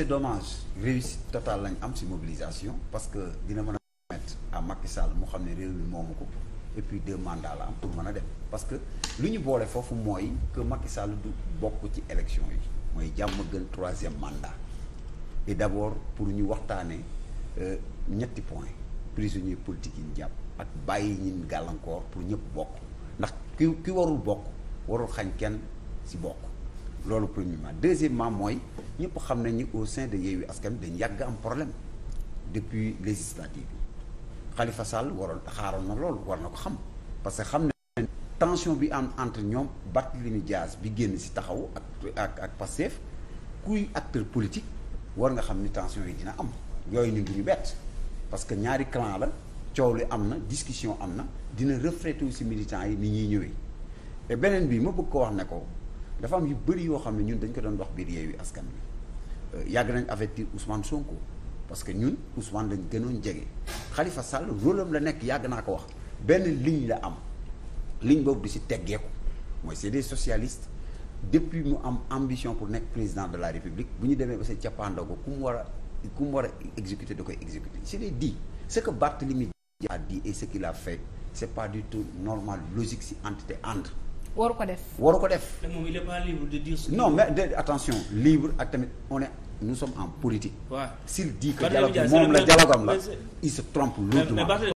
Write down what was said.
c'est dommage réussite totale lañ am si mobilisation parce que dina mën a permettre à Sall mu xam ne réew mi moomu ko et puis deux mandats la am pour mën a dem parce que lu ñu boole foofu mooy que Macky Sall du bokk ci élection yi mooy jàmm gën troisième mandat et d'abord pour ñu waxtaanee euh, ñetti point prisonniers politiques yi ñu jàpp ak bàyyi ñin gàllankoor pour ñëpp bokk ndax ki ki warul bokk warul xañ kenn si bokk loolu deuxième deuxièmement mooy ñëpp xam nañ ni au sein de Yewwi Askan dañ yàgg am problème depuis législative bi Khalifa Sall waroon xaaroon na loolu war na ko xam parce que xam ne tension bi am entre ñoom Barthélémy jaas bi génn ci taxaw ak ak ak Pastef kuy acteur politique war nga xam ni tension yi dina am yooyu ni ñu bett parce que ñaari clan la coow li am na discussion am na dina refléter wu ci militants yi ni ñuy ñëwee te beneen bi ma bëgg ko wax ne ko dafa am yu bëri yoo xam ne ñun dañ ko doon wax biir Yewwi Askan Wi euh, yàgg nañ avectir Ousmane Sonko parce que ñun Ousmane lañ gënoon jege xalifa Sall rôle am la nekk yàgg naa ko wax benn ligne la am ligne boobu di si teggeeku mooy c'est des socialistes depuis mu am ambition pour nekk président de la République bu ñu demee ba sa cappaandaw ko ku mu war exécuter da koy exécuter ci l'ai dit ce que Barthélemy a dit et ce a fait c'est pas du tout normal logique si entité entre waru ko def waru ko def. moom il est pas libre de non mais de attention libre ak tamit on est nous sommes en politique. waaw s'il dit que dialogue moom la dialogue am la il se trompe lourdement.